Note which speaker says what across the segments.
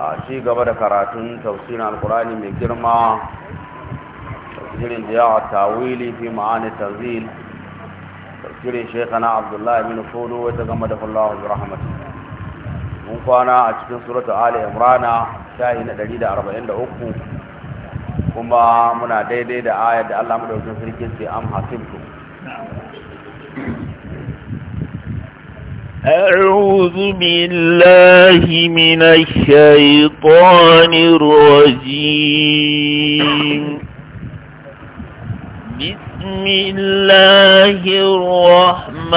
Speaker 1: a ci gaba da karatun tafsirin alkurani mai girma tafsirin da yawa tawili fi ma'ani tanzil tafsirin shekana abdullahi bin fodo wata gama da fulawar rahmat mun kwana a cikin suratu ali imrana shahi na 143 kuma muna daidai da ayar da allah madaukin sarki sai am hasibtu
Speaker 2: أعوذ بالله من الشيطان الرجيم بسم الله الرحمن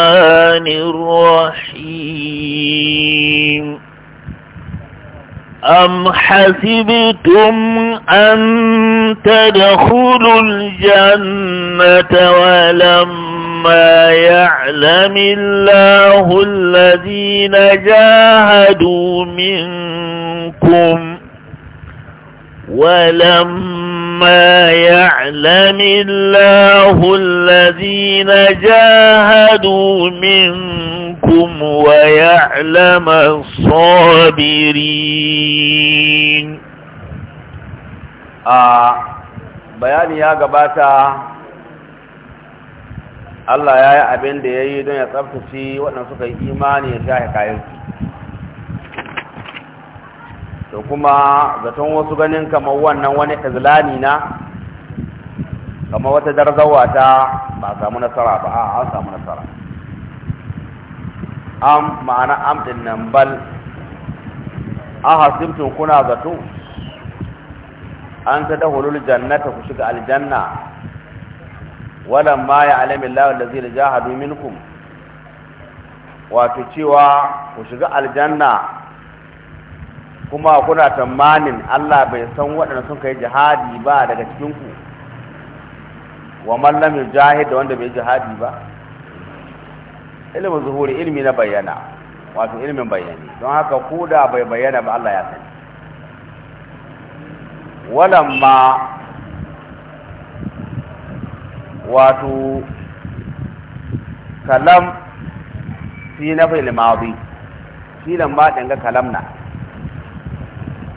Speaker 2: الرحيم أم حسبتم أن تدخلوا الجنة ولم وما يعلم الله الذين جاهدوا منكم ولما يعلم الله الذين جاهدوا منكم ويعلم الصابرين آه بياني
Speaker 1: يا قباتا Allah ya yi abin da ya yi don ya tsabtace waɗanda suka yi imani ya shahe su. to kuma zaton wasu ganin kamar wannan wani izlani na kamar wata darzawa ta ba samu nasara ba a an samu nasara am ma'ana am din nan bal an hasimtun kuna zato an ta dahulul jannata ku shiga aljanna walan ma ya alamin lawon da zai da jahadu minkum wato cewa ku shiga aljanna kuma kuna tamanin Allah bai san waɗanda sun kai jihadi ba daga cikinku wa mallam yujahid da wanda bai jihadi ba ilimin zuhuri ilmi na bayyana wato ilmin bayani don haka ko da bai bayyana ba Allah ya sani ma wato kalam fi na fil madi shi lamma ɗin ga kalam na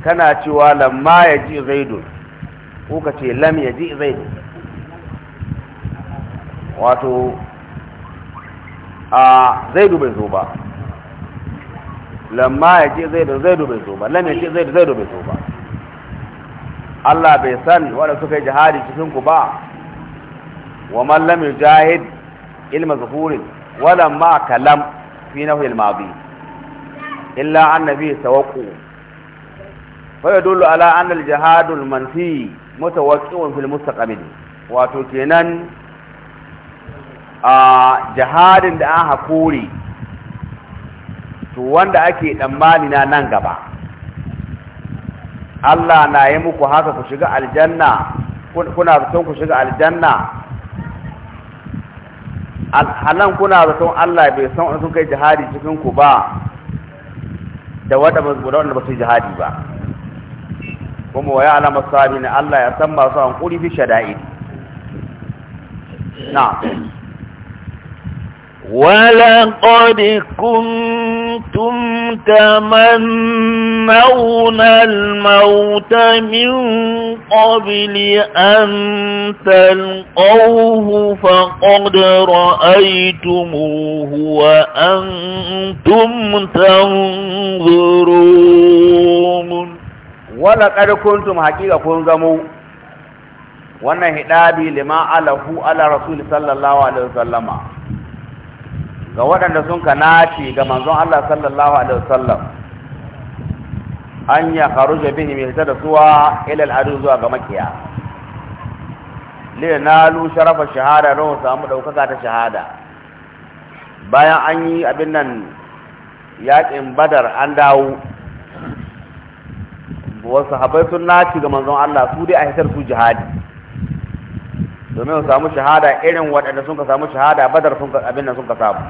Speaker 1: kana cewa lamma ya ji zaidun ko ka ce lam ya ji zaidun wato a zaidu bai zo ba lamma ya ji zaidu zaidu bai zo ba lam ya ji zaidu zaidu bai zo ba Allah bai san wadda suka yi jihadi cikin ku ba wa man lam ilma zuhurin wala ma kalam fi nahwi al-madi illa annabi tawaqqu fa yadullu ala anna al-jihad al-manfi mutawaqqi'un fil wato kenan jihadin da an hakuri to wanda ake tsammani nan gaba Allah na yi muku haka ku shiga aljanna kuna son ku shiga aljanna halan kuna zaton Allah bai san wani sun kai jihadi cikin ku ba da wanda ba wanda ba su jihadi ba kuma wa ya'lamu sabi ne Allah ya san masu hankuri fi shada'i
Speaker 2: na ولقد كنتم تمنون الموت من قبل أن تلقوه فقد رأيتموه وأنتم تنظرون
Speaker 1: ولقد كنتم حقيقة كنتم wannan hidabi lima على رسول صلى الله عليه وسلم ga waɗanda sun ka nace ga manzon Allah sallallahu alaihi wasallam an ya kharuja bihi mai hita da suwa ila zuwa ga makiya le nalu sharafa shahada don samu ɗaukaka ta shahada bayan an yi abin nan yaƙin badar an dawo wasu habai sun ga manzon Allah su dai a hitar su jihadi domin su samu shahada irin waɗanda sun ka samu shahada badar sun ka abin nan sun ka samu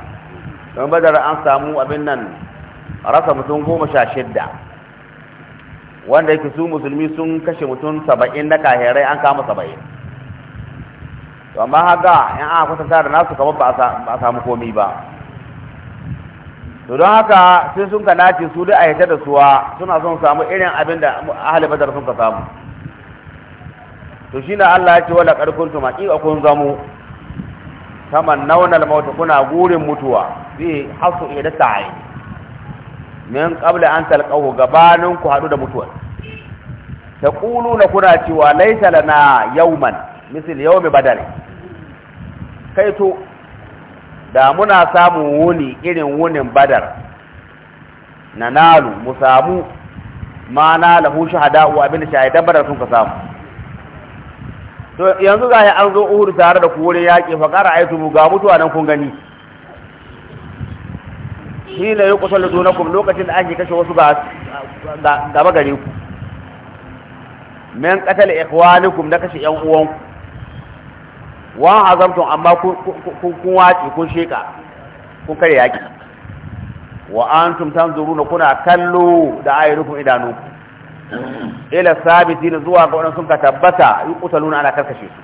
Speaker 1: domin badar an samu abin nan rasa mutum goma sha shidda wanda yake su musulmi sun kashe mutum saba'in na kahirai an kama saba'in to amma haka in aka kwatanta da nasu kamar ba a samu komi ba to don haka sai sun ka nace su da a hita da suwa suna son samu irin abin da ahalin badar sun ka samu to shi na Allah ya ce wala ki a kun zamu kaman nawnal mautu kuna gurin mutuwa bi hasu ida ta'i min qabla an talqahu gabanin ku hadu da mutuwa taquluna kuna cewa laysa lana yawman misl yawmi badal kai to da muna samun wuni irin wunin badar na nalu mu samu ma na lahu shahada wa abin shahidan badar sun ka samu to yanzu za an zo uhud tare da kore yaƙi fa ƙara aitu ga mutuwa nan kun gani shi ne yi kusan lutunakum lokacin da ake kashe wasu gaba gare ku min qatal ikhwanikum da kashe yan uwanku wa azamtum amma kun kun wace kun sheka kun kare yaki wa antum tanzuruna kuna kallo da ayyukum idanu ila sabitin zuwa ga wannan sun ka tabbata yuqtaluna ana karkashe su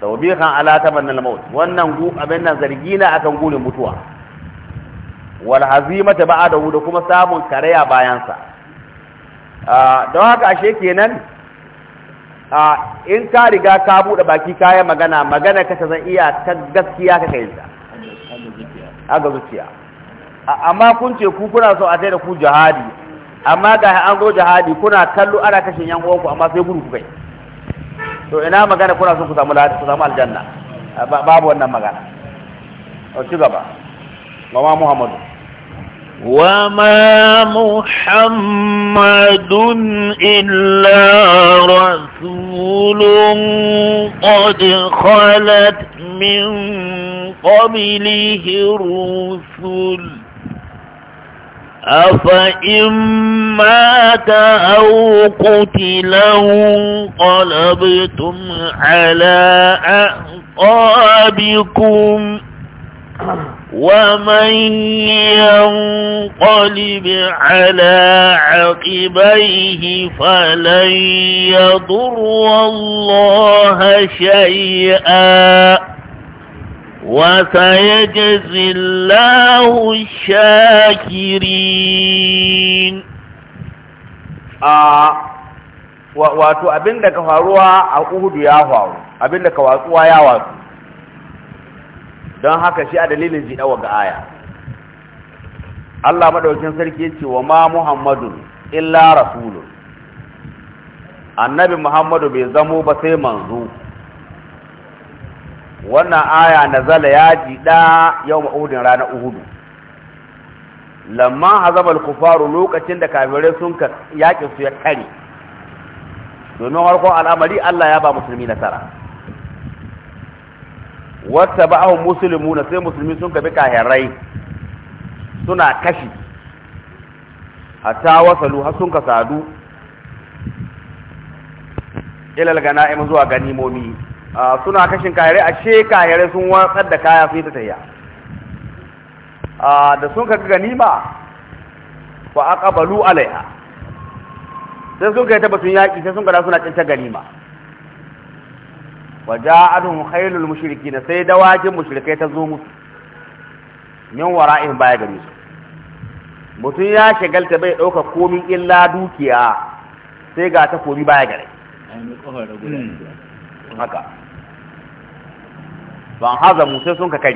Speaker 1: tawbihan ala tabanna al-maut wannan gu abin nan zargi na akan gurin mutuwa wal hazimata ba'da da kuma samun karaya bayan sa ah, don haka ashe kenan ah, in ka riga ka bude baki kayan magana magana ka ta zan iya ta gaskiya ka kai ta zuciya amma kun ce ku kuna so a tsaye da ku jihadi amma ga an zo jihadi kuna kallo ana kashin yan uwanku amma sai gudu kai to ina magana kuna so ku samu ku samu aljanna babu wannan magana to ci gaba
Speaker 2: ma muhammadu ma muhammadun illa rasulun qad khalat min قبله rusul. أفإن مات أو قتله قلبتم على أعقابكم ومن ينقلب على عقبيه فلن يضر الله شيئا وسيجزي الله الشاكرين wato abin da ka faruwa a uhudu ya faru
Speaker 1: abin da ka watsuwa ya watsu don haka shi a dalilin dawa ga aya Allah maɗaukin sarki ce wa ma Muhammadun illa rasulun annabi Muhammadu bai zamo ba sai manzo wannan aya na Zala ya jida yau ma'udin rana uhudu lamma hazabar kufaru lokacin da kafirai sun ka yakin su ya kare domin harkon al'amari Allah ya ba musulmi nasara wata ba'ahun musulmi na sai musulmi sun bi kahirai suna kashi ta wasalu har sun ka sadu ilal gana'im zuwa ganimomi suna kashin a ashe kayare sun watsar da kaya sun yi ta tahiya da sun kaga ganima ba a aqbalu alaiha sai sun kai tabbatun yaki sai sun gada suna cinta ganima waja'alhum khaylul na sai dawakin mushrikai ta zo musu min in baya gare su mutum ya shagalta bai dauka komin illa dukiya sai ga ta komi baya gare
Speaker 3: hmm.
Speaker 1: haka ban hazamu sai sun ka kai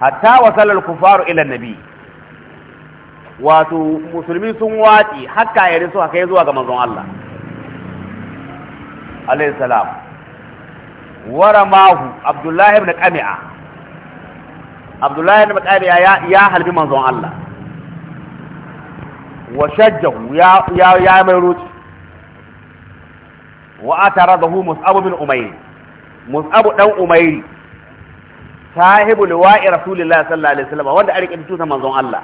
Speaker 1: hatta wasalar kufaru ila nabi wato musulmi sun waci hakka yare su haka zuwa ga manzon Allah alayhi salam waramahu abdullahi ibn qami'a abdullahi ibn qami'a ya ya halbi manzon Allah wa shajjahu ya ya mai ruci wa ataradahu mus'ab bin umayr mus'abu dan umairi sahibu liwa'i rasulullahi sallallahu alaihi wasallam wanda arike tutan manzon Allah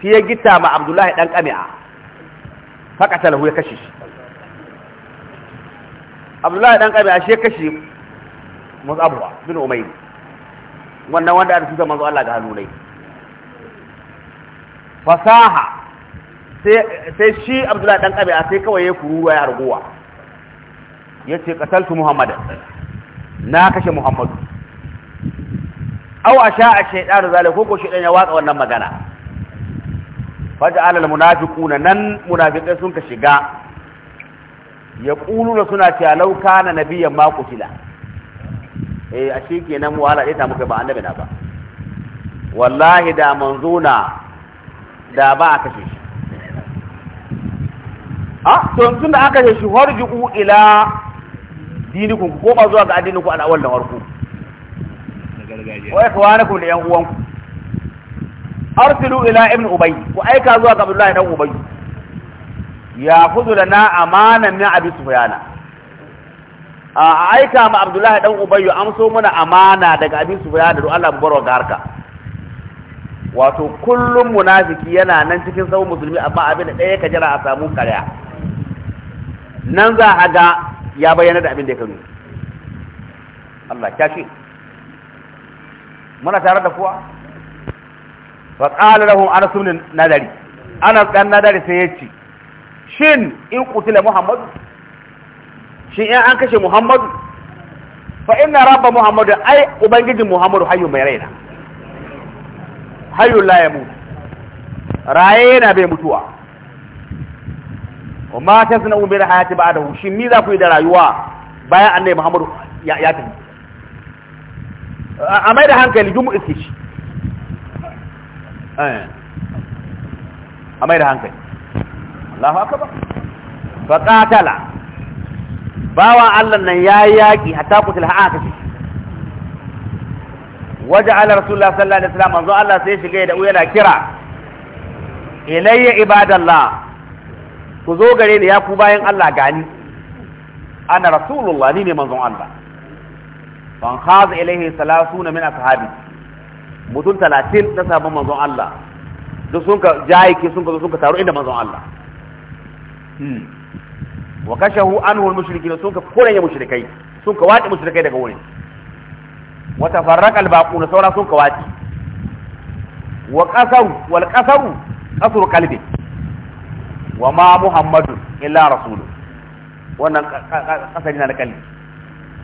Speaker 1: shi ya gita ma abdullahi dan kami'a faqatalahu ya kashe shi abdullahi dan kami'a shi ya kashe mus'abu bin umairi wannan wanda arike tutan manzon Allah ga halunai fasaha sai shi abdullahi dan kami'a sai kawai ya kuruwa ya arguwa yace qataltu muhammadan na kashe muhammadu aw asha a shaydan zalika ko ko shaydan ya watsa wannan magana faj'al al munafiquna nan munafiqai sun ka shiga yaquluna suna cewa law kana nabiyyan ma qutila eh ashe nan mu wala ta muka ba annabi na ba wallahi da manzuna da ba a kashe shi a ah, to tun da aka kashe shi harju'u ila Diniku, ko ba zuwa ga addinin ku al'awal da warku wa ku da yan uwanku arsilu ila ibn ubay ku aika zuwa ga abdullahi dan ubay ya khudhu lana amanan min abi sufyana a aika ma abdullahi dan ubay amso muna amana daga abi sufyana da Allah mubarwa ga harka wato kullum munafiki yana nan cikin sabon musulmi amma abin da ɗaya ka jira a samu karya nan za a ga ya bayyana da abin da ya karu Allah kyashi muna tare da kuwa fa qala lahum ana sunan nadari ana dan nadari sai yace shin in qutila muhammad shin in an kashe muhammad fa inna rabba muhammad ai ubangiji muhammad hayyu mai raina hayyu la yamut raye yana bai mutuwa wa ma tasna'u bil hayati ba'dahu shin ni za ku yi da rayuwa bayan annabi Muhammadu ya ya tafi a mai da hankali duk mu iske shi eh. a mai da hankali Allahu akbar fa qatala bawa Allah nan yayi yaki hatta kutul ha'aka وجعل رسول الله صلى الله عليه وسلم منذ الله da قيد ويلا كرا إلي عباد الله ku zo gare ni ya ku bayan Allah gani ana rasulullah ni ne manzon Allah ban haza ilaihi na min ashabi mutum 30 na sabon manzon Allah duk sun ka jayike sun ka zo sun ka taru inda manzon Allah hmm. wa kashahu anhu al-mushrikin sun ka kore ya mushrikai sun ka wadi mushrikai daga wurin wa tafarraqa al-baquna saura sun ka wadi wa qasaru wal qasaru qasru qalbi wa ma muhammadu illa rasulu wannan kasari na da kalli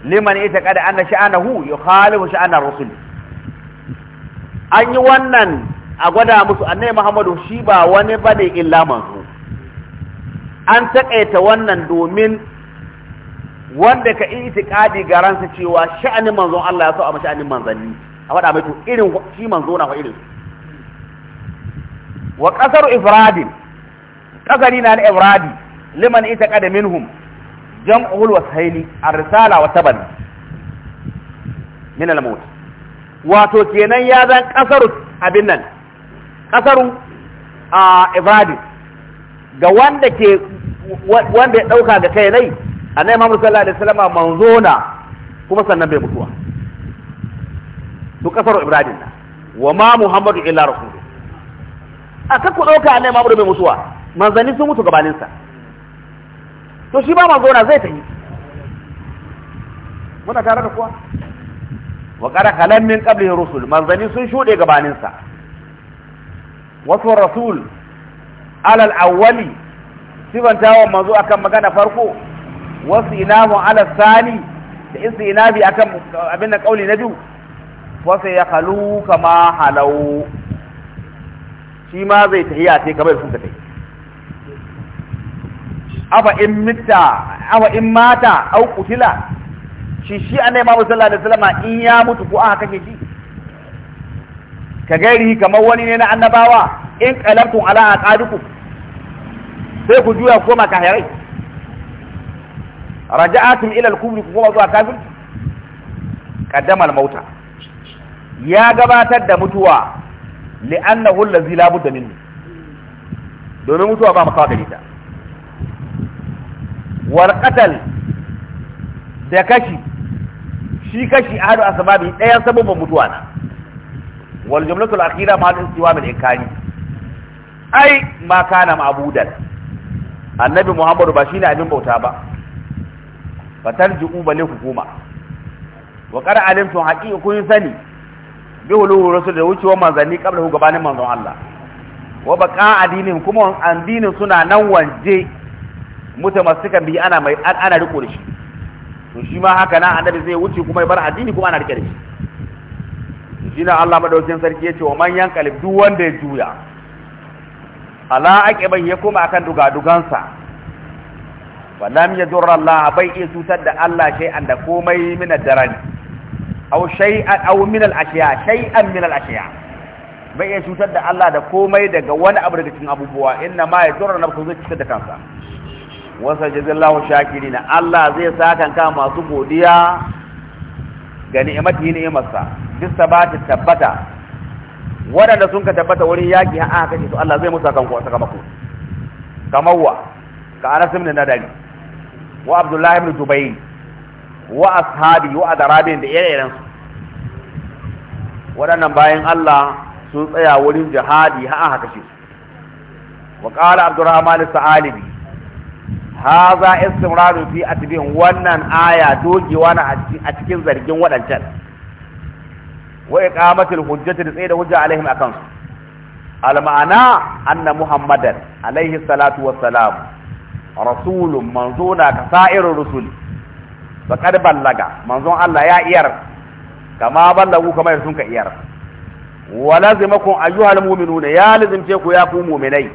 Speaker 1: liman ita kada anna sha'anahu yukhalifu sha'anar rasul an yi wannan a gwada musu annai muhammadu shi ba wani bane illa manzo an taƙaita wannan domin wanda ka itiqadi garansa cewa sha'anin manzon Allah ya so a sha'anin manzanni a faɗa mai to irin shi manzo na fa irin wa qasaru ifradin kagari na al-ibradi liman ita qada minhum jam'ul wasaili ar-risala wa taban min al-maut wato kenan ya zan kasaru abin nan kasaru a ibradi ga wanda ke wanda ya dauka ga kai nai annabi Muhammad sallallahu alaihi wasallam na, kuma sannan bai mutuwa to kasaru ibradin na wa ma muhammadu illa rasul aka ku dauka annabi Muhammad bai mutuwa manzanni sun mutu gabaninsa to shi ba manzo na zai ta tafi muna tare da kuwa wa qara kalam min rusul manzanni sun shuɗe gabaninsa wasu rasul alal awwali sibantawa manzo akan magana farko wasu inamu alal sani da ina istinabi akan abin da kauli na biyu wasu ya halu kama halau shi ma zai tahiya sai kamar sun ka tafi afa in mita afa in mata au kutila shi shi annabi Muhammad sallallahu alaihi wasallam in ya mutu ko aka kake shi ka gairi kamar wani ne na annabawa in qalabtum ala aqadukum sai ku juya ku koma kahirai raja'atum ila al-kubri ku koma zuwa kafir qaddama al-mauta ya gabatar da mutuwa li'annahu allazi la budda minhu domin mutuwa ba makawa gare ta warƙatal da kashi shi kashi a hadu asbabi ɗayan sababin mutuwa na wal jumlatul akhira ma siwa min ikani ai ma kana ma'budan annabi muhammadu ba shi ne abin bauta ba ba ne hukuma wa qad alimtu haqiqa kun sani bi hulu rasul da wucewa manzanni kabla hu gabanin manzon Allah wa baqa adinin kuma addinin suna nan wanje mutamassikan bi ana mai ana riko da shi to shi ma haka nan annabi zai wuce kuma ya bar addini kuma ana rike da shi shi na Allah madaukakin sarki yace wa man yanqalib duk wanda ya juya ala aqiban ya koma akan dugadugansa walam yadur Allah bai iya cutar da Allah shay'an da komai min ad-darani aw shay'an aw min al-ashiya shay'an min al-ashiya bai iya cutar da Allah da komai daga wani abu daga cikin abubuwa inna ma yadur nafsu zai cutar da kansa wasa jazallahu shakirina Allah zai sakan ka masu godiya ga ni'imati ni'imarsa duk sabata tabbata waɗanda sun ka tabbata wurin yaki ha aka kace su Allah zai musa kan ku sakamako kamar wa ka Anas ibn Nadari wa Abdullah ibn Zubayr wa ashabi wa adarabin da irin su waɗannan bayan Allah sun tsaya wurin jihadi ha aka kace su wa qala Abdurrahman as-Sa'alibi haza istimraru fi atbin wannan aya dogewa na a cikin zargin wadancan wa iqamatul hujjati da tsaye da hujja alaihim akan su al ma'ana anna muhammadan alaihi salatu wassalam rasulun manzuna ka sa'irur rusul kad ballaga manzon Allah ya iyar kama ballagu kamar sun ka iyar wa lazimakum ayyuhal mu'minuna ya lazimce ku ya ku mu'minai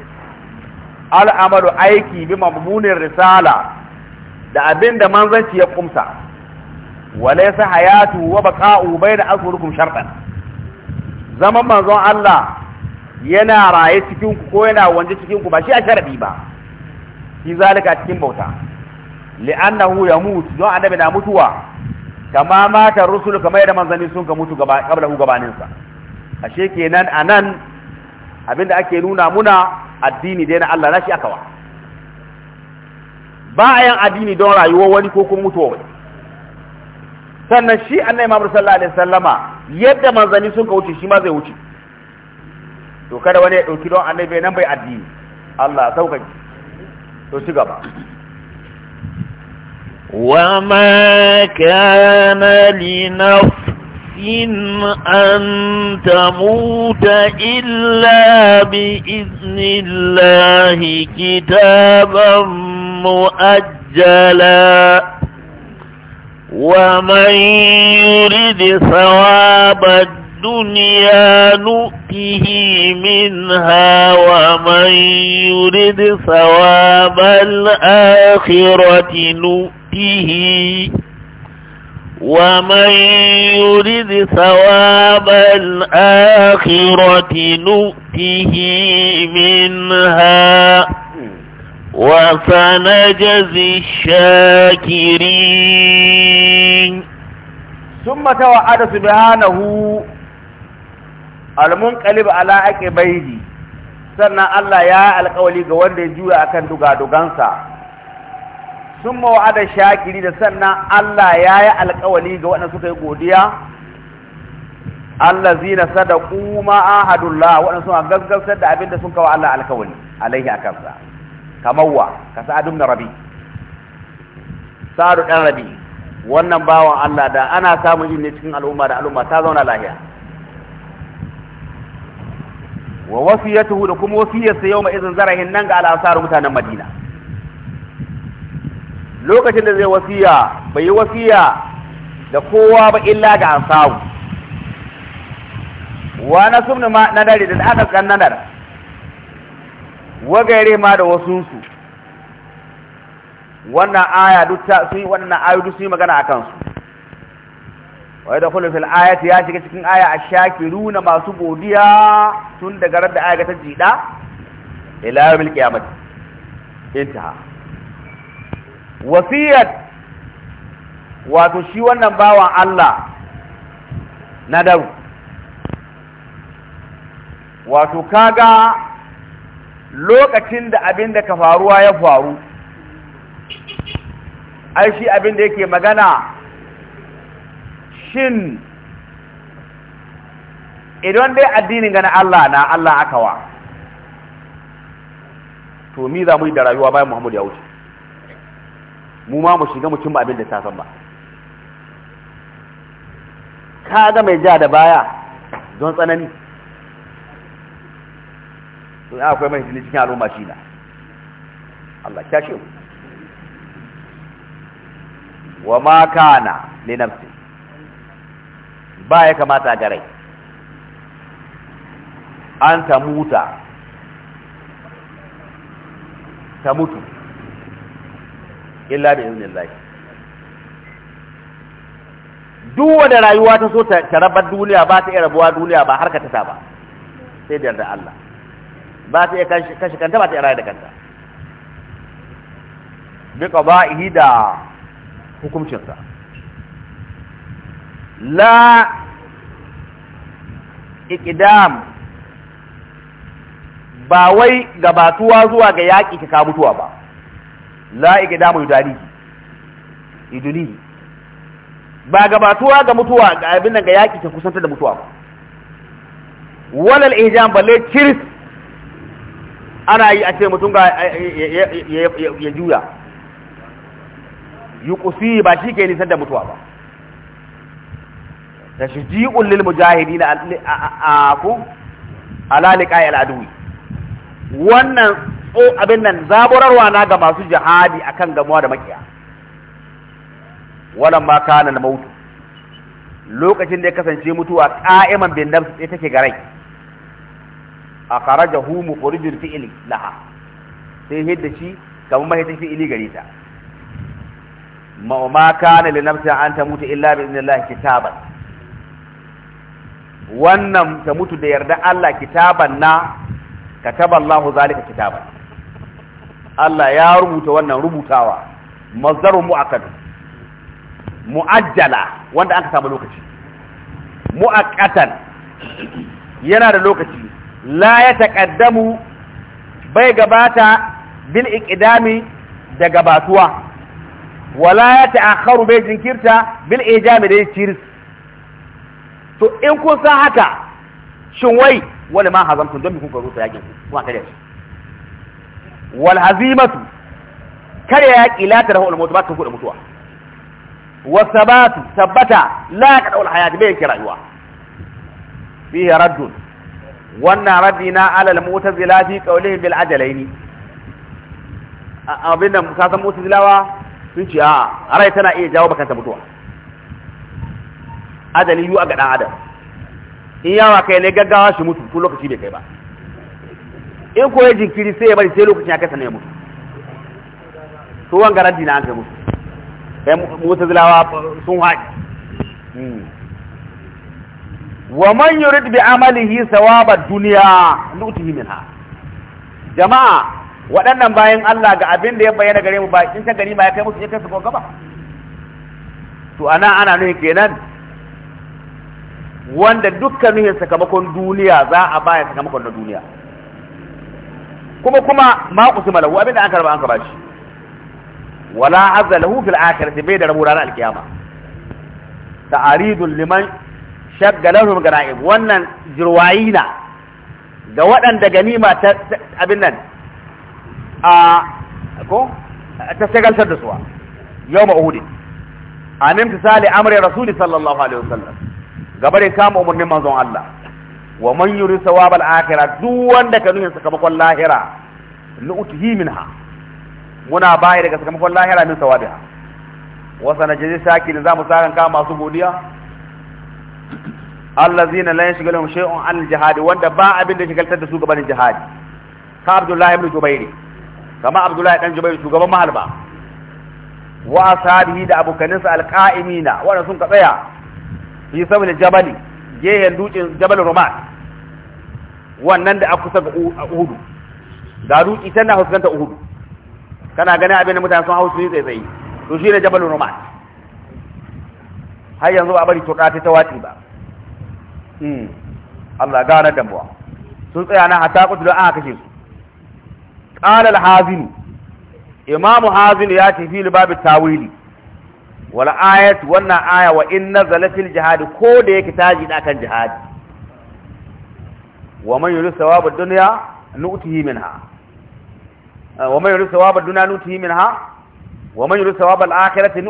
Speaker 1: al'amalu aiki bi mamunin risala da abinda manzanci ya kumsa walaysa hayatu wa baqa'u da azhurukum shartan zaman manzon Allah yana raye cikinku ko yana wanje cikinku ba shi a sharaɗi ba shi zalika cikin bauta li'annahu ya mutu don annabi na mutuwa kama matan rusul kamar da manzanni sun ka mutu gaba kabla hu gabanin sa ashe a nan abinda ake nuna muna addini dai na Allah na shi akawa ba a yin addini don rayuwa wani ko kuma mutuwa wani sannan shi annai mamar sallallahu alaihi sallama yadda manzanni sun ka wuce shi ma zai wuce to kada wani ya ɗauki don annabi nan bai addini Allah sauƙaƙi
Speaker 2: to ci gaba وما كان لنفس إن أن تموت إلا بإذن الله كتابا مؤجلا ومن يرد ثواب الدنيا نؤته منها ومن يرد ثواب الآخرة نؤته ومن يرد ثواب الآخرة نؤته منها وسنجزي الشاكرين ثم توعد سبحانه
Speaker 1: المنقلب على عقبيه سنة الله يا القولي قولي wanda ya juya akan dugadugansa sun mawa'ada shakiri da sannan Allah ya yi alkawali ga waɗanda suka yi godiya Allah zina a ma'ahadullah waɗanda suna gaggabtar da abinda sun kawo Allah alkawali alaihi a kansa kamawa ka sa'adun na rabi sa'adu ɗan rabi wannan bawan Allah da ana samun yin ne cikin al'umma da al'umma ta zauna lahiya wa wasiyatuhu da kuma wasiyarsa yau ma izin zarahin nan ga al'asar mutanen madina lokacin da zai wasiya bai yi wasiya da kowa ba illa ga samu wa na sumni ma na dare da aka kannanar wagare ma da wasu su wannan aya duk ta su wannan ayu duk sun yi magana akan su wa kullu fil ayati ya shiga cikin aya ashakiruna masu godiya tun daga rabbi aya ta jida ila yawmil qiyamah intaha wasiyat wato shi wannan bawan Allah na dau wato kaga lokacin da abin da ka faruwa ya faru ai shi abin da yake magana shin idan dai addinin gana Allah na Allah aka wa to mi za mu yi da rayuwa bayan Muhammadu ya wuce mu ma mu shiga mutum abin da safan ba ka ga mai ja da baya don tsanani to ya akwai mai cikin al'umma shi na Allah ya shi wa ma kana li nafsi ba ya kamata ga rai an ta muta ta mutu illa izinin iznillah duk wanda rayuwa ta so ta rabar duniya ba ta iya rabuwa duniya ba har ta tasa ba sai da yarda Allah ba ta iya kashe kanta ba ta iya rayu da kanta bi qada'ihi da hukumcinsa la iqdam ba wai gabatuwa zuwa ga yaƙi ka mutuwa ba la iqdamu yudani iduni ba gabatuwa ga mutuwa ga abin nan ga yaki ta kusanta da mutuwa ba wala al balle chiris ana yi a ce mutum ga ya juya kusi ba shi ke nisan da mutuwa ba shi tashji'un lil mujahidin a ku ala liqa'i al-adwi wannan Ko abin nan zaburarwa na ga masu jihadi akan gamuwa da makiya Wannan ma kana al mautu. lokacin da ya kasance mutuwa ƙa'iman bin nafsi sai take garai akharajahu mukhrijul fi'li laha sai hidda shi kamar mahitin fi'ili gare ta ma ma kana li nafsi an mutu illa bi idnillahi kitaban wannan ta mutu da yarda Allah kitaban na kataba Allah zalika kitaban Allah ya rubuta wannan rubutawa mazdarun mu'akkad mu'ajjala wanda aka samu lokaci mu'akkatan yana da lokaci la ya taqaddamu bai gabata bil iqdami da gabatuwa wala ya ta'akharu bai jinkirta bil ijami da yiris to in kun san haka shin wai wani ma hazamtun don bi kun ka rusa yakin ku kuma wal hazimatu kare yaƙi la ta rahul mutu ba ta kuɗa mutuwa wa sabatu tabbata la ka daul hayati bai yake rayuwa fihi wannan raddi na alal mu'tazila fi qawlihim bil ajalaini abin da ka san mu'tazilawa sun ce a rai tana iya jawo mutuwa a in yawa kai ne gaggawa shi mutu tun lokaci bai kai ba in ko ya jinkiri sai ya bari sai lokacin ya kasa ne mutu to wan garanti na an kai mutu kai mutazilawa sun haɗi hmm. wa man yurid bi amalihi sawaba dunya min ha jama'a waɗannan bayan Allah ga abin da ya bayyana gare mu ba kin ta gari ma ya kai musu ya kai su ko gaba to ana ana nuhi kenan wanda dukkan nuhin sakamakon duniya za a baya sakamakon na duniya kuma kuma ma qusima lahu abinda an karba an karba shi wala azza lahu fil akhirati bai da rabu ranar alkiyama ta'aridul liman shaggalahum ganaib wannan jirwayina ga waɗanda ganima ta abin nan a ko ta shagaltar da suwa Yau uhud an imtisali amri rasuli sallallahu alaihi wasallam gabarin kama umarnin manzon Allah wa man yuri sawabal akhirah duk wanda ka nuhin sakamakon lahira nu'tihi minha muna bayar daga sakamakon lahira min sawabiha wa sanajzi shakirin zamu sakan ka masu godiya allazina la yashghaluhum shay'un an al-jihad wanda ba abin da shigaltar da su gaban jihad ka abdullahi ibn jubairi kama abdullahi dan jubairi shugaban mahalba wa ashabihi da abokanansa alqa'imina wanda sun ka tsaya fi sabil jabali gehen dutsen jabal rumat wannan da aka kusa ga uhudu ga duki tana huskanta uhudu kana ganin abin da mutane sun hau sun yi tsaye to shi ne jabal rumat har yanzu ba bari toka ta watsi ba hmm. Allah gane damuwa sun tsaya na hatta kudu don aka kashe su qala al-hazim imamu hazim ya ce fil babu tawili wal ayat wannan aya wa in nazala fil jihad ko da yake taji da kan jihadi wa man yuridu thawaba dunya nu'tihi minha wa man yuridu thawaba dunya nu'tihi minha wa man yuridu thawaba al-akhirati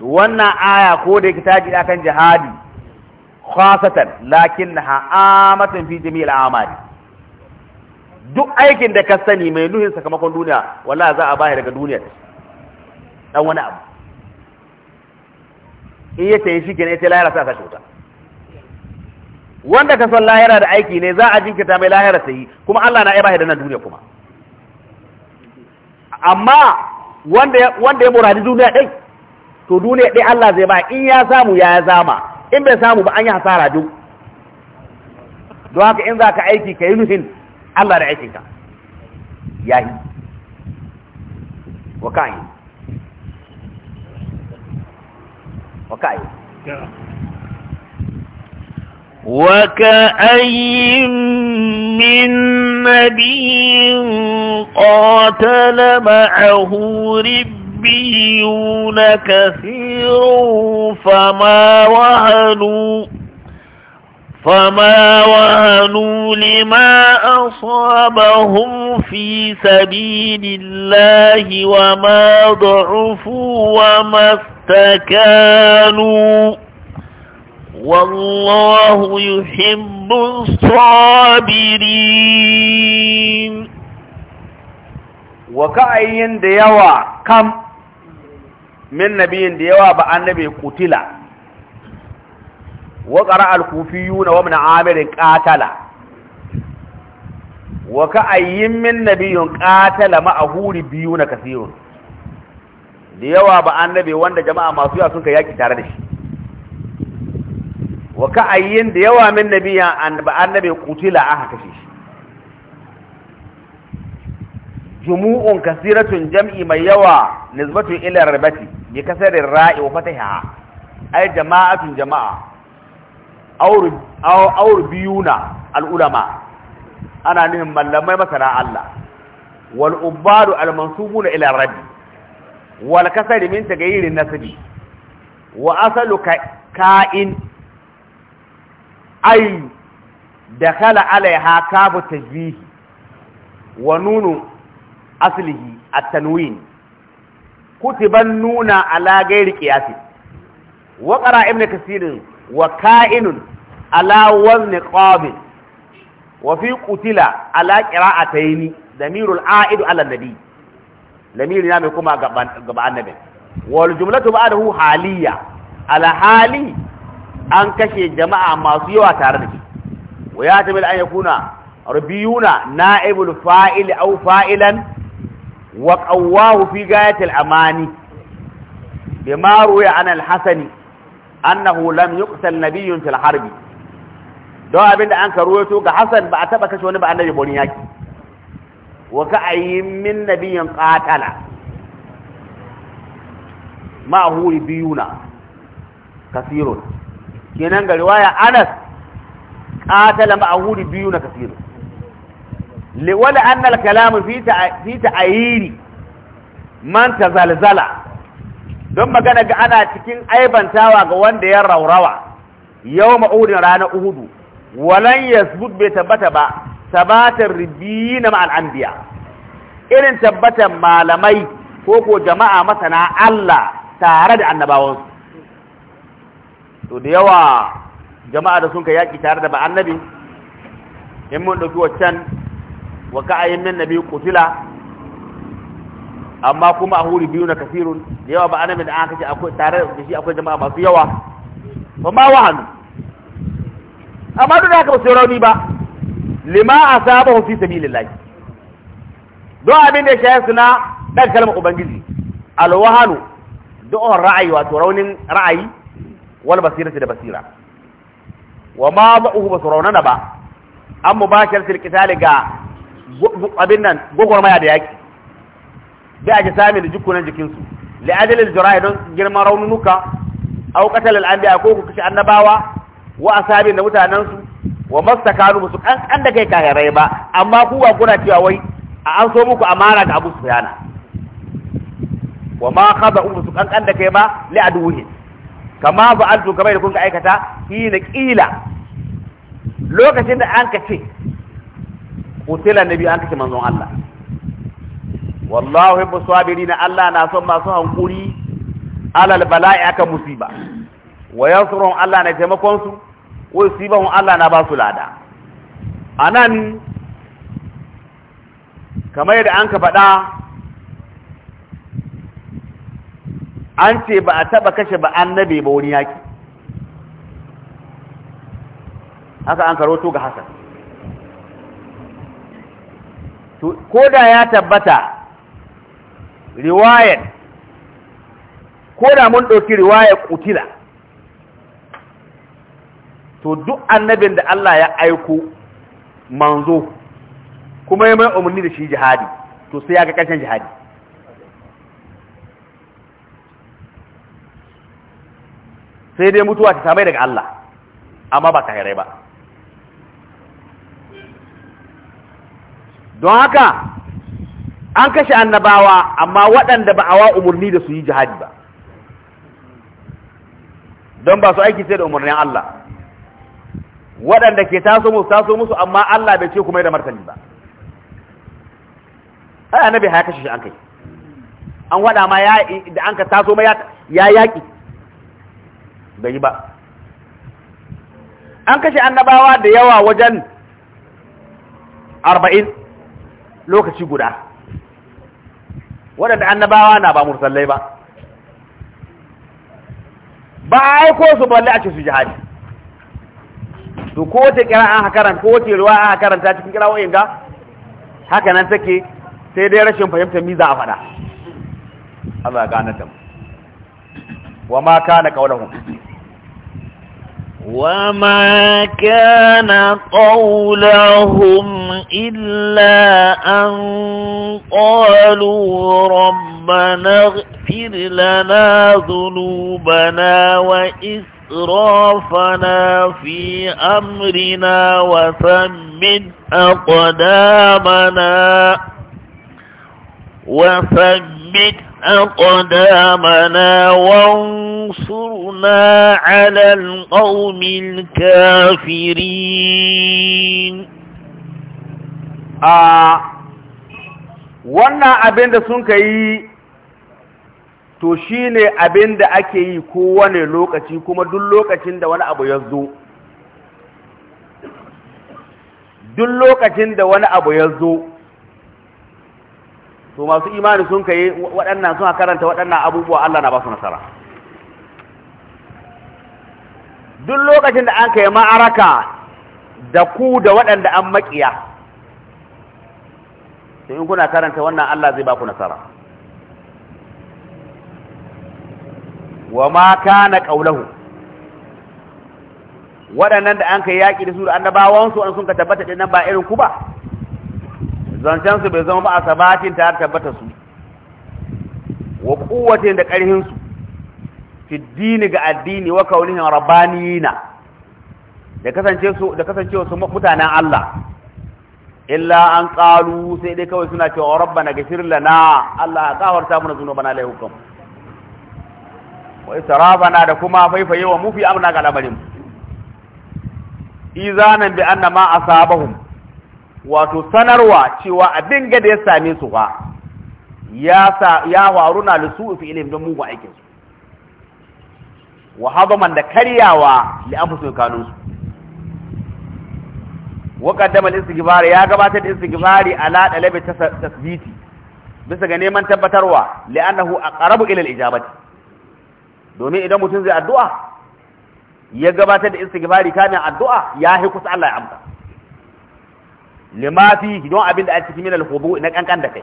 Speaker 1: wannan aya ko da yake taji akan jihadi khasatan lakinnaha amatan fi jami'il a'mali duk aikin da ka sani mai nuhin sakamakon duniya wallahi za a bayar daga duniyar dan wani abu iya yace shi kenan sai lahira sai ka shota wanda ka san lahira da aiki ne za a jinkirta mai lahira ta yi kuma Allah na iya da nan duniya kuma amma wanda wanda ya muradi duniya dai to duniya dai Allah zai ba in ya samu ya zama in bai samu ba an yi hasara duk don haka in za ka aiki ka yi nufin Allah da aikinka ya yi wa ka yi
Speaker 2: wa ka yi وكأي من نبي قاتل معه ربيون كثير فما وهنوا فما وهنوا لما أصابهم في سبيل الله وما ضعفوا وما استكانوا والله يحب الصابرين وكاين ديوا كم
Speaker 1: من نبي ديوا بأن نبي قتل وقرأ الكوفيون ومن عامر قاتل وكاين من نبي قاتل ما اهور بيون كثير ديوا yawa ba annabi wanda jama'a masu yawa sun ka wa ka'ayyin da yawa min nabiya annabi kutila aka kashe shi jumu'un kasiratun jam'i mai yawa nisbatun ila ribati bi kasarin ra'i wa fatahiha ay jama'atun jama'a aw biyuna al'ulama ana nihin mallamai masana Allah wal ubadu al mansubuna ila rabbi wal kasari min tagayirin nasbi wa asalu ka'in ai dakhala alaiha kabu tajbihi wa nunu aslihi at-tanwin kutiban nuna ala ghairi qiyasi wa qara ibn kasir wa ka'inun ala wazn qabil wa fi qutila ala qira'atayn damirul a'id ala an-nabi lamiri na mai kuma gaba annabi wal jumlatu ba'dahu haliya ala hali an kashe jama'a masu yawa tare da shi wa ya tabi an yakuna rubiyuna na'ibul fa'il aw fa'ilan wa qawwahu fi gayatil amani bima ruya an al-hasan annahu lam yuqtal nabiyyun fil harbi Do abinda an karuwato ga hasan ba a taba kashe wani ba annabi borin yaki wa ka'ayyin min nabiyyin qatala ma huri biyuna kasirun kenan ga riwaya anas qatala ma'ahu biyu na kasir liwala anna al-kalam fi fi ta'yiri man tazalzala don magana ga ana cikin aibantawa ga wanda ya raurawa yau ma'udin ranar uhudu walan yasbut bai tabbata ba tabatar ribina ma'al anbiya irin tabbatan malamai ko ko jama'a masana Allah tare da annabawansu to da yawa jama'a da sun ka yaƙi tare da ba annabi in mun ɗauki waccan wa ka'ayin min nabi kutila amma kuma a huri biyu na kasirun da yawa ba annabi da an kace akwai tare da shi akwai jama'a masu yawa ba ma wahanu amma duk da haka ba su rauni ba lima asabahu fi sabilillah don abin da ya shayar suna dan kalmar ubangiji alwahanu don ra'ayi wato raunin ra'ayi wal basirati da basira wa ma ba'uhu basurawnana ba an mubasharatil qitali ga abin nan gwagwarmaya da yaki bi a sami da jikunan jikinsu li'ajalil jira'i don girman raununuka aw qatal al-anbiya ko ku kashi annabawa wa asabin da mutanansu wa mastakanu su kan da kai kahirai ba amma ku ba kuna cewa wai a an so muku amana ga Abu Sufyan wa ma khada'u su kan da kai ba li aduwhi kama ba altu kamar da kun aikata. aikata hina kila lokacin da an ka ce kutila nabi an kace manzon Allah wallahi yuhibbu sabirin Allah na son masu hankuri alal bala'i aka musiba wa yasrun Allah na taimakon su wa sibahun Allah na ba su lada anan kamar da an ka faɗa an ce ba a taba kashe ba annabi ba wani yaki haka an karoto ga hasan ko da ya tabbata riwayat ko da mun ɗauki riwayar kutila to duk annabin da Allah ya aiko manzo kuma ya mai umarni da shi jihadi to sai ya ga ƙarshen jihadi sai dai mutuwa ta samai daga Allah amma ba kahirai ba don haka an kashe annabawa amma waɗanda ba a wa umarni da su yi jihadi ba don ba su aiki sai da umarnin Allah waɗanda ke taso musu taso musu amma Allah bai ce kuma da martani ba ai annabi ya kashe shi an kai an wada ma ya da an ka taso ma ya yaki bai ba an kashe annabawa da yawa wajen arba'in lokaci guda waɗanda annabawa na ba mursallai ba ba a aiko su balle a ce su jihadi to ko wace kira an hakaran ko wace ruwa an hakaranta cikin wa'in ga haka nan take sai dai rashin fahimtar miza a faɗa Allah ya gane ta
Speaker 2: wa ma kana qaulahum وما كان قولهم إلا أن قالوا ربنا اغفر لنا ذنوبنا وإسرافنا في أمرنا وثبت أقدامنا وثبت أقدامنا وانصرنا على القوم الكافرين آه
Speaker 1: وانا أبين دا سنكي to shi ne abin da ake yi kowane lokaci kuma lokacin da wani abu ya duk lokacin da wani abu ya zo to masu imani sun kai waɗannan suna karanta waɗannan abubuwa Allah na ba su nasara duk lokacin da an kai ma'araka da ku da waɗanda an maƙiya to in kuna karanta wannan Allah zai ba ku nasara wa ma kana qaulahu waɗannan da an kai yaƙi da su da annabawansu an sun ka tabbata ɗin nan ba irin ku ba zancen su bai zama ba a sabatin ta tabbata su wa kuwatin da ƙarhin su fi dini ga addini wa kaunihin rabbaniyina da kasance su da kasancewa su mutanen Allah illa an qalu sai dai kawai suna cewa na gafir lana Allah gafarta mana zunubana lai wai wa na da kuma faifaye wa mu fi ga lamarin izanan bi annama asabahum wato sanarwa cewa abin gada ya same su ba, ya sa ya waru na fi ilim don mugun aikin su wa hadaman da karyawa an anfusu kanun su wa qaddama al-istighfar ya gabatar da istighfari ala dalabi tasbiti bisa ga neman tabbatarwa li'annahu a ƙarabu ilil ijabati domin idan mutum zai addu'a ya gabatar da istighfari kamin addu'a ya haiku kusa Allah ya amsa limafi fihi don abin da a cikin min al-khudu na kankan da kai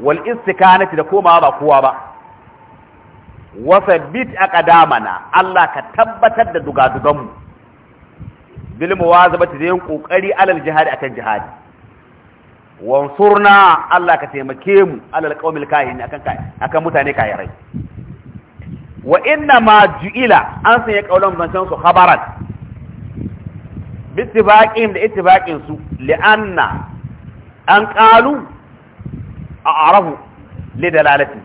Speaker 1: wal istikanati da komawa ba kowa ba wa sabbit aqdamana Allah ka tabbatar da dugadugan mu bil muwazabati da yin kokari alal jihadi akan wa ansurna Allah ka taimake mu alal qaumil kahin akan kai akan mutane kayarai wa inna ma ju'ila an sanya kaulan san su khabaran bittifaqin da ittifaqin su li'anna an qalu arabu, li dalalati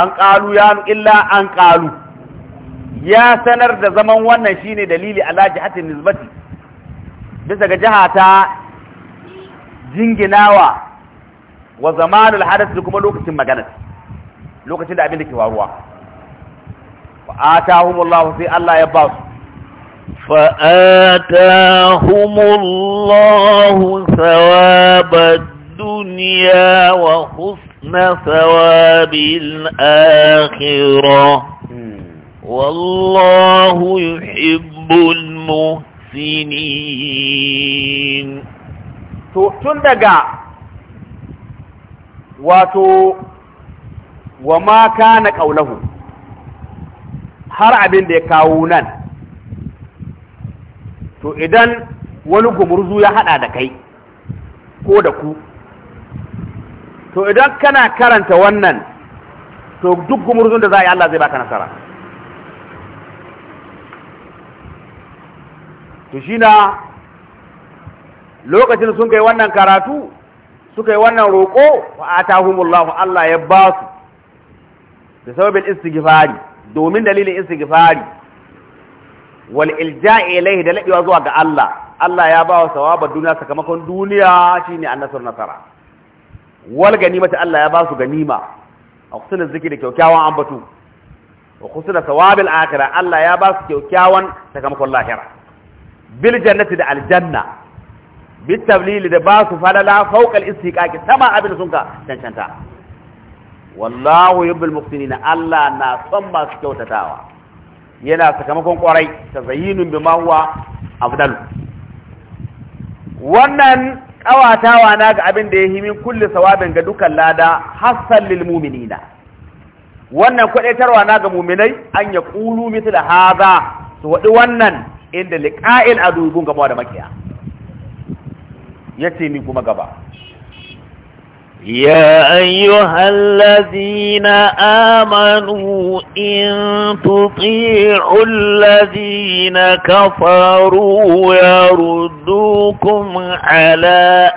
Speaker 1: an qalu ya illa an qalu ya sanar da zaman wannan shine dalili ala jihatin nisbati bisa ga ta jinginawa wa zamanul hadath da kuma lokacin magana lokacin da abin da ke waruwa fa atahumullahu sai Allah ya basu.
Speaker 2: فآتاهم الله ثواب الدنيا وحسن ثواب الآخرة والله يحب المحسنين تندقى واتو
Speaker 1: وما كان قوله هرع بن دي كاونان to idan wani gumurzu ya hada da kai ko da ku to idan kana karanta wannan to duk gumurzun da za a yi Allah zai baka nasara to shi na lokacin sun kai wannan karatu suka yi wannan roƙo wa atahumullahu Allah ya ba su da sababin istighfari domin dalilin istighfari wal da laɗewa zuwa ga Allah Allah ya ba wa sawaba duniya sakamakon duniya shine annasar nasara wal ta Allah ya ba su ganima a kusurin da kyaukyawan ambatu wa kusurin sawabil akhirah Allah ya ba su kyaukyawan sakamakon lahira bil jannati da aljanna bit tablili da ba su falala fawqa al istiqaqi sama abin sunka cancanta wallahu yubil muqtinin Allah na son masu kyautatawa yana sakamakon kwarai ta zayinun bi huwa afdal wannan kawatawa na ga abin da ya himi kulli sawabin ga dukan lada hasan lil mu'minina wannan kwadaitarwa na ga mu'minai an ya qulu mithla hadha su wadi wannan inda liqa'il adugun gaba da makiya yace ni kuma
Speaker 2: gaba يا أيها الذين آمنوا إن تطيعوا الذين كفروا يردوكم على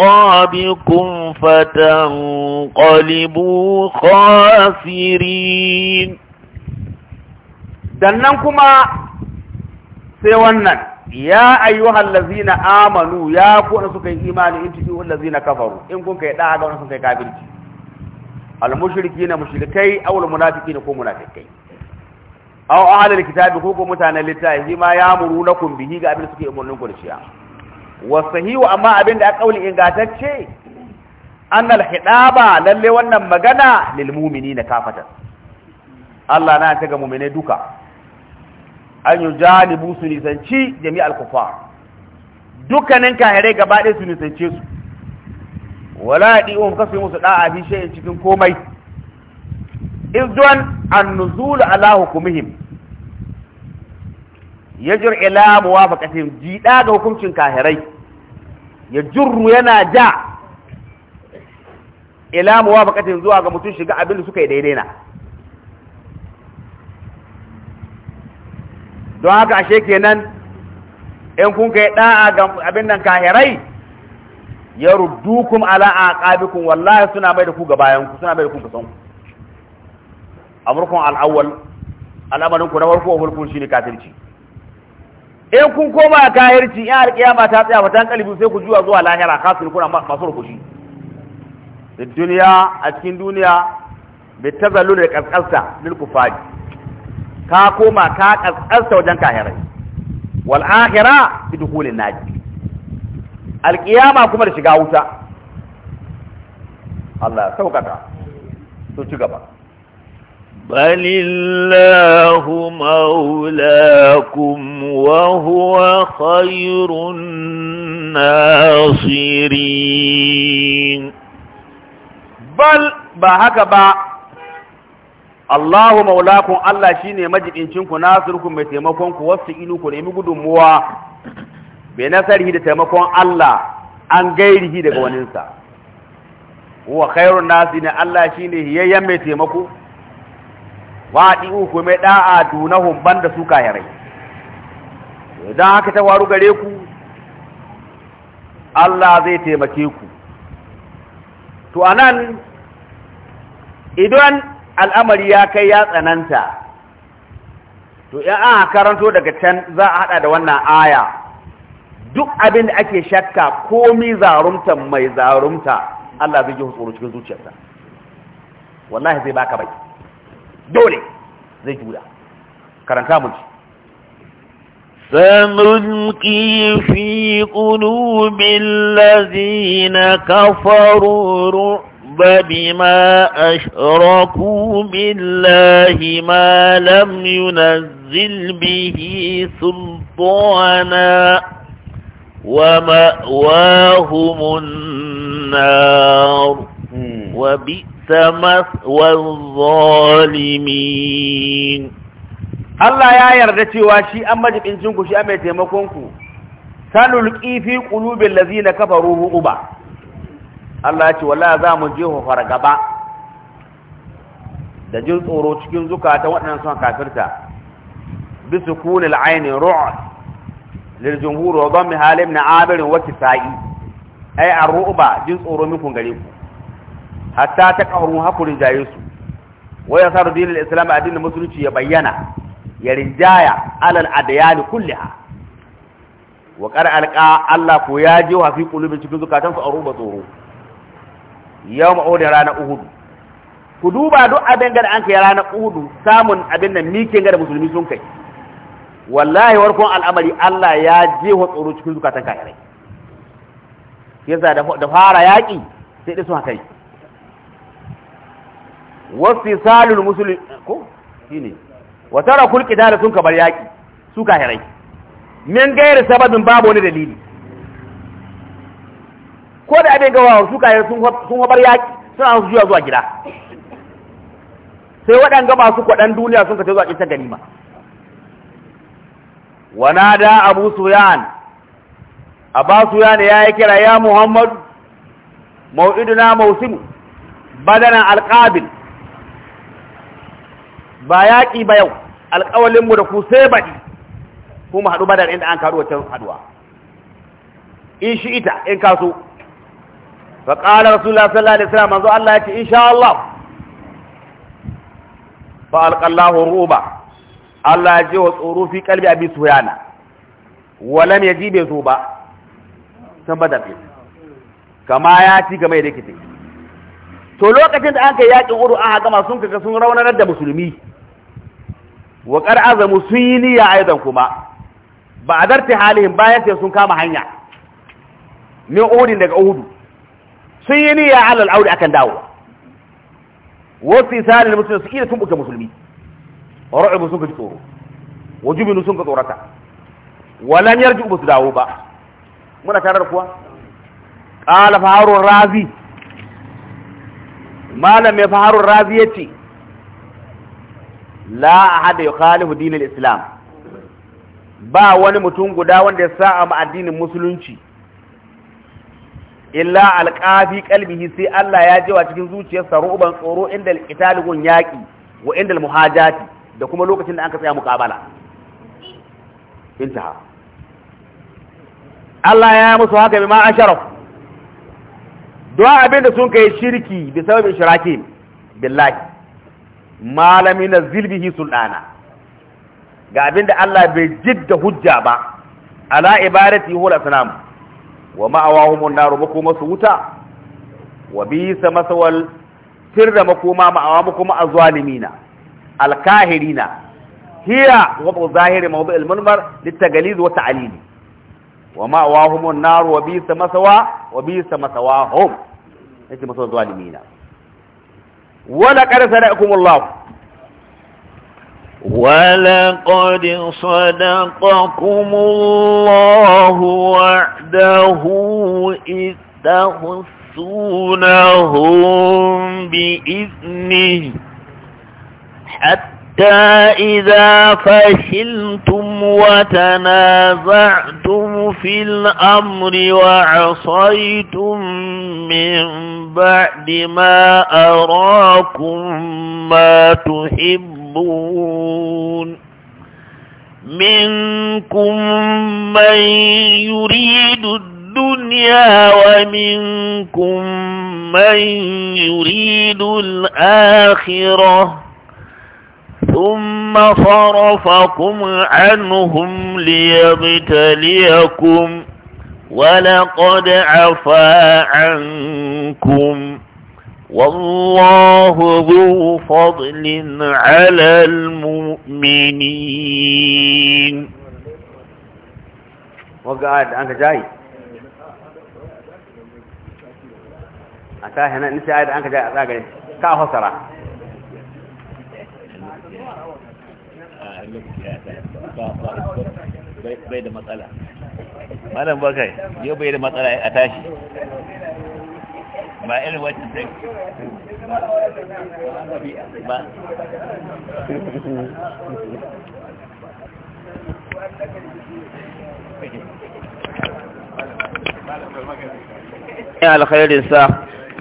Speaker 2: أعقابكم فتنقلبوا خاسرين دنكما
Speaker 1: سوى ya ayyuhal ladzina amanu ya ku an suka yi imani in tuju ladzina kafaru in kun kai da ga wannan suka yi kafirci al mushrikina mushrikai aw al munafiqina ko munafikai aw al kitabi ko ko mutanen littafi ma yamurunakum bihi ga abin suke umurnin ku da shi sahihu amma abin da kauli ingantacce annal hidaba lalle wannan magana lil mu'minina kafatan Allah na ta ga mu'mine duka an yi janibu su nisanci jami alkufa dukkanin kahirai gaba ɗaya su nisance su wala ɗi um kasu yi musu ɗa'a fi shayin cikin komai in an nuzulu ala hukumihim ya jir ila muwafaqatihim jiɗa ga hukuncin kahirai ya jirru yana ja ila muwafaqatihim zuwa ga mutum shiga abin da suka yi daidai na don haka ashe kenan in kun kai da'a ga abin nan kahirai ya ruddukum ala aqabikum wallahi suna mai da ku ga bayan ku suna mai da ku ga san ku amurkun al'awwal al'amarin ku na farko hulkun shine kafirci in kun koma kahirci ya alƙiyama ta tsaya fatan kalbi sai ku juwa zuwa lahira kafir kuna masu rukushi duniya a cikin duniya bi tazallul da kaskasta lil kufari ka koma ka kaskasta wajen kahirai wal akhira bi dukhulin naji alqiyama kuma da shiga wuta Allah saukata to ci gaba
Speaker 2: بل الله مولاكم وهو خير الناصرين بل بهكذا
Speaker 1: Allahu maulakun Allah shine majidincin ku nasirukum mai taimakon ku wasu inu ku nemi gudunmuwa bai nasarihi da taimakon Allah an gairihi daga waninsa wa khairun nasi ne Allah shine hiyayyen mai taimako wa ɗi'u ku mai da'a ban da su kahirai idan haka ta waru gare ku Allah zai taimake ku to anan idan al'amari ya kai ya tsananta to ya an karanto daga can za a hada da wannan aya duk abin da ake shakka komi zarumta mai zarumta Allah zai ji tsoro cikin zuciyarsa wallahi zai baka
Speaker 2: bai dole zai juda karanta mun ji سنلقي في قلوب الذين كفروا يُشْرِكَ بِمَا أَشْرَكُوا بِاللَّهِ مَا لَمْ يُنَزِّلْ بِهِ سُلْطَانًا وَمَأْوَاهُمُ النَّارُ وَبِئْسَ مَثْوَى الظَّالِمِينَ
Speaker 1: الله يا يرضى
Speaker 2: cewa shi an
Speaker 1: majibincin ku shi a mai taimakon ku sanul qifi qulubil ladina kafaru uba Allah ya ce wallahi za mu je ho fargaba da jin tsoro cikin zukatan waɗannan son kafirta bi sukunil aini ru'd lil jumhur wa dhammi halim na abir wa kisai ai ar-ru'ba jin tsoro mikun gare ku hatta ta qahru hakurin jaye su wa yasaru dinul islam addinin musulunci ya bayyana ya rinjaya alal adyani kulliha wa qara alqa Allah ko ya je wa fi qulubi cikin zukatan su aruba tsoro yau ma'udin ranar uhudu ku duba duk abin da an kai ranar uhudu samun abin da mikin ga musulmi sun kai wallahi warkon al'amari Allah ya je wa tsoro cikin zukatan kayarai yasa da fara yaƙi sai dai sun haka yi wasu salul musulmi ko shine wa tara kulki da sun kabar yaƙi su kayarai min gairi sababin babu wani dalili ko da abin gawa su kayan sun habar yaƙi suna su juya zuwa gida sai waɗanga masu kwaɗan duniya sun kace zuwa ƙin ganima wana da abu suyan abu suyan ya yi kira ya muhammad mau'iduna mausimu badanan alƙabin. ba yaƙi ba yau alƙawalinmu da ku sai baɗi kuma haɗu badan inda an karuwa can haɗuwa in shi ita in kaso fa qala rasulullah sallallahu alaihi manzo Allah ya insha Allah fa alqallahu ruba Allah ya ji wa tsoro fi qalbi abi suyana walam yaji bai zo ba san badar kama ya ci game da kiti to lokacin da aka yakin udu a gama sun kaga sun raunar da musulmi wa qad azamu suniya aidan kuma ba adarti halihim bayan sai sun kama hanya min udi daga uhudu sun yi niyya alal aure akan dawo wasu isanin musulmi su kila sun buke musulmi ru'ubu sun ka ji tsoro wajibinu sun ka tsorata walam yarji ba su dawo ba muna tarar kuwa qala faharun razi malam mai faharun razi yace la ahada yukhalifu dinil islam ba wani mutum guda wanda ya sa'a ma addinin musulunci illa alƙafi qalbihi sai Allah ya wa cikin zuciyarsa ruban tsoro inda alqital yaƙi yaqi wa inda almuhajati da kuma lokacin da aka tsaya muqabala intaha Allah ya musu haka bima asharaf du'a da sun kai shirki bi sababin shiraki billahi malami na zilbihi sultana ga abin da Allah bai jidda hujja ba ala ibarati hula sanamu wa ma'awahumun naru makoma su wuta wa bisa masawal sirra makoma ma'awa makoma azwalimina alkahirina hiya wabu zahiri mawdu almunbar litagaliz wa ta'lil wa ma'awahumun naru wa bisa masawa wa bisa masawahum yace masawa zalimina wa laqad sadaqakumullahu
Speaker 2: ولقد صدقكم الله وعده إذ تخصونهم بإذنه حتى إذا فشلتم وتنازعتم في الأمر وعصيتم من بعد ما أراكم ما تحبون يعرضون منكم من يريد الدنيا ومنكم من يريد الآخرة ثم صرفكم عنهم ليبتليكم ولقد عفا عنكم والله ذو فضل على المؤمنين
Speaker 1: وقعد أنت جاي أتا هنا نسي عاد أنت جاي راقل كأهو ترى
Speaker 2: بيد da ما malam بقى yau bai da أتاشي ba irin wacce ta ba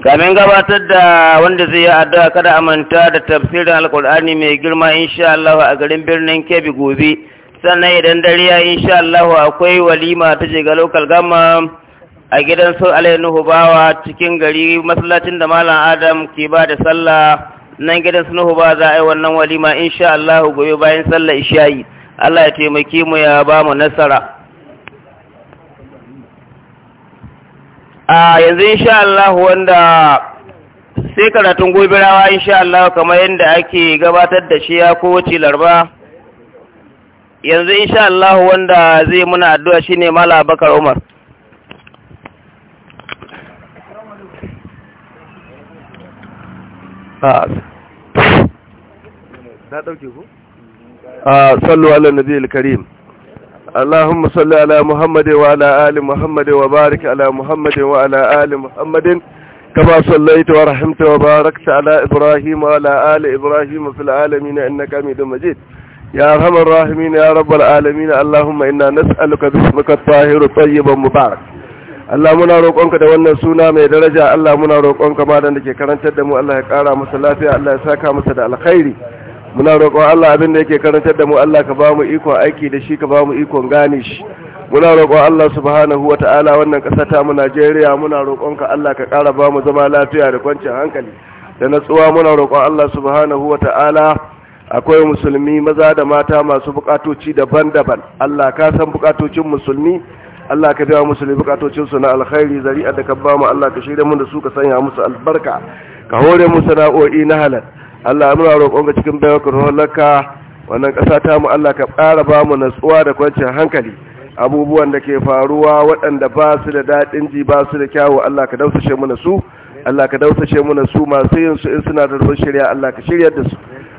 Speaker 2: kamin gabatar da wanda zai yi addu'a kada a amanta da tafsirin
Speaker 1: alkur'ani mai girma insha Allah a garin birnin Kebbi gobe sannan idan dare ya
Speaker 2: insha Allah akwai walima ta shiga local gama a gidan su alainu bawa cikin gari masallacin da malam adam ke ba da sallah nan gidan su ba za a yi wannan walima insha Allah gobe bayan sallah ishayi Allah ya taimake mu ya
Speaker 1: ba mu nasara a yanzu insha Allah wanda sai karatun gobirawa insha Allah kamar yadda ake gabatar da shi ya kowace larba yanzu insha Allah wanda zai muna addu'a shine malam Abubakar Umar
Speaker 3: Ah. Ah, sallu ala nabi al-karim Allahumma salli ya arhamar rahimin inna nas'aluka bismika at-tahir at-tayyib Allah muna roƙonka da wannan suna mai daraja Allah muna roƙonka madan da ke karantar da mu Allah ya ƙara masa lafiya Allah ya saka masa da alkhairi muna roƙon Allah abin da yake karantar da mu Allah ka ba mu aiki da shi ka ba mu ikon gane shi muna roƙon Allah subhanahu wata'ala wannan ƙasa ta mu Najeriya muna roƙonka Allah ka ƙara ba mu zama lafiya da kwanciyar hankali da natsuwa muna roƙon Allah subhanahu wata'ala akwai musulmi maza da mata masu buƙatoci daban-daban Allah ka san buƙatocin musulmi Allah ka biya musu bukatocin su na alkhairi zari'a da ka ba mu Allah ka shirya mun da su ka sanya musu albarka ka hore musu sana'o'i na halal Allah amma roƙon ka cikin bayakar halaka wannan ƙasa ta mu Allah ka ƙara ba mu natsuwa da kwanciyar hankali abubuwan da ke faruwa waɗanda ba su da daɗin ji ba su da kyawu Allah ka dausashe mu su Allah ka dausashe mu su masu yin su in suna da rabon shari'a Allah ka shiryar da su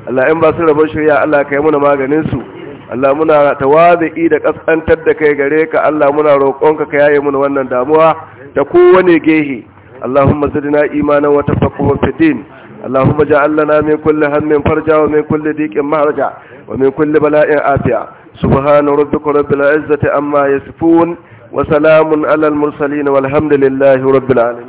Speaker 3: Allah in ba su rabon shari'a Allah ka yi mana maganin su Allah muna tawazi da kasantar da kai gare ka Allah muna roƙonka ka yaye mana wannan damuwa ta kowane gehe Allahumma zidna imanan wa tafaqquhan fid din Allahumma ja'al lana min kulli hammin farja wa min kulli dhiqin mahraja wa min kulli bala'in afiya subhan rabbika rabbil izzati amma yasifun wa salamun alal mursalin walhamdulillahi rabbil alamin